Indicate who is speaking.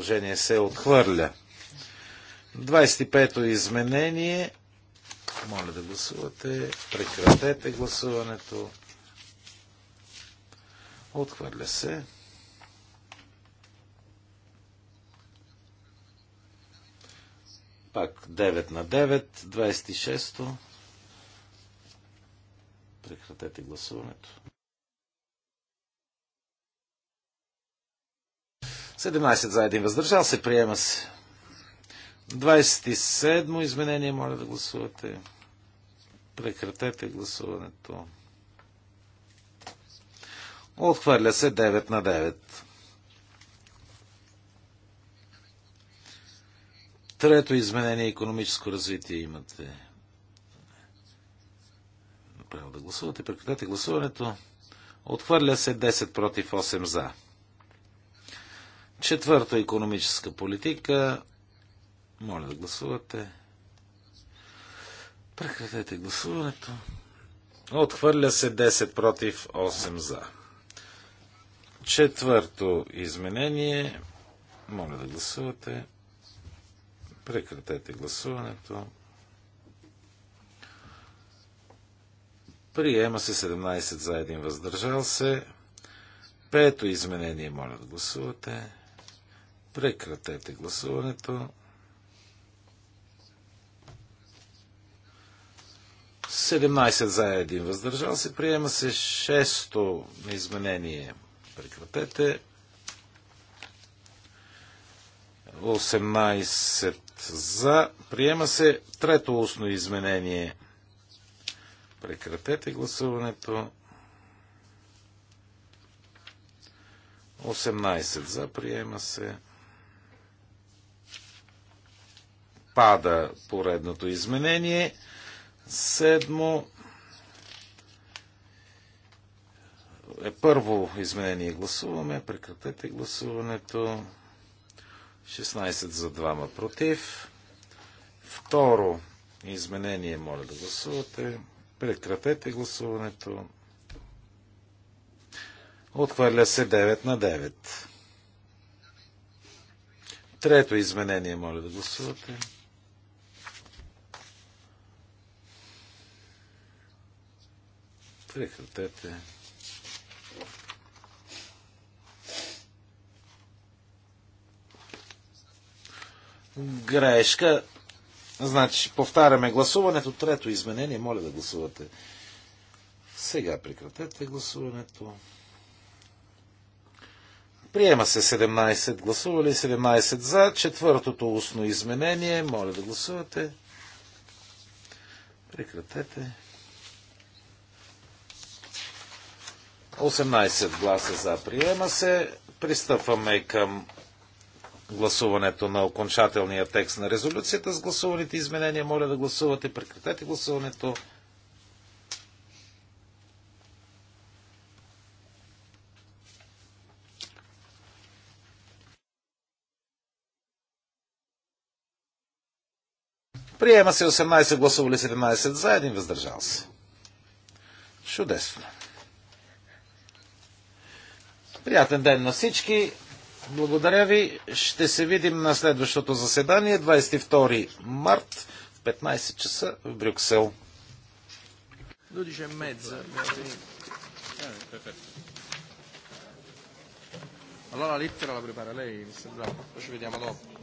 Speaker 1: предложение се отхвърля. 25-то изменение. Моля да гласувате. Прекратете гласуването. Отхвърля се. Пак 9 на 9, 26-то. Прекратете гласуването. 17 за един въздържал се, приема се. 27 изменение, моля да гласувате. Прекратете гласуването. Отхвърля се 9 на 9. Трето изменение економическо развитие имате. Направо да гласувате. Прекратете гласуването. Отхвърля се 10 против 8 за. Четвърта економическа политика. Моля да гласувате. Прекратете гласуването. Отхвърля се 10 против 8 за. Четвърто изменение. Моля да гласувате. Прекратете гласуването. Приема се 17 за 1 въздържал се. Пето изменение. Моля да гласувате. Прекратете гласуването. Седемнайсет за един въздържал се. Приема се шесто изменение. Прекратете. 18 за. Приема се трето устно изменение. Прекратете гласуването. 18 за. Приема се. Пада поредното изменение. Седмо е първо изменение. Гласуваме. Прекратете гласуването. 16 за 2 против. Второ изменение. Моля да гласувате. Прекратете гласуването. Отхвърля се 9 на 9. Трето изменение, моля да гласувате. Прекратете. Грешка. Значи, повтаряме гласуването. Трето изменение. Моля да гласувате. Сега прекратете гласуването. Приема се 17 гласували, 17 за. Четвъртото устно изменение. Моля да гласувате. Прекратете. 18 гласа за приема се. Пристъпваме към гласуването на окончателния текст на резолюцията с гласуваните изменения. Моля да гласувате. Прекратете гласуването. Приема се 18 гласували 17 за, един въздържал се. Чудесно. Приятен ден на всички. Благодаря ви. Ще се видим на следващото заседание, 22 март в 15 часа в Брюксел. Allora la lettera la prepara lei, mi sembra. Poi ci vediamo dopo.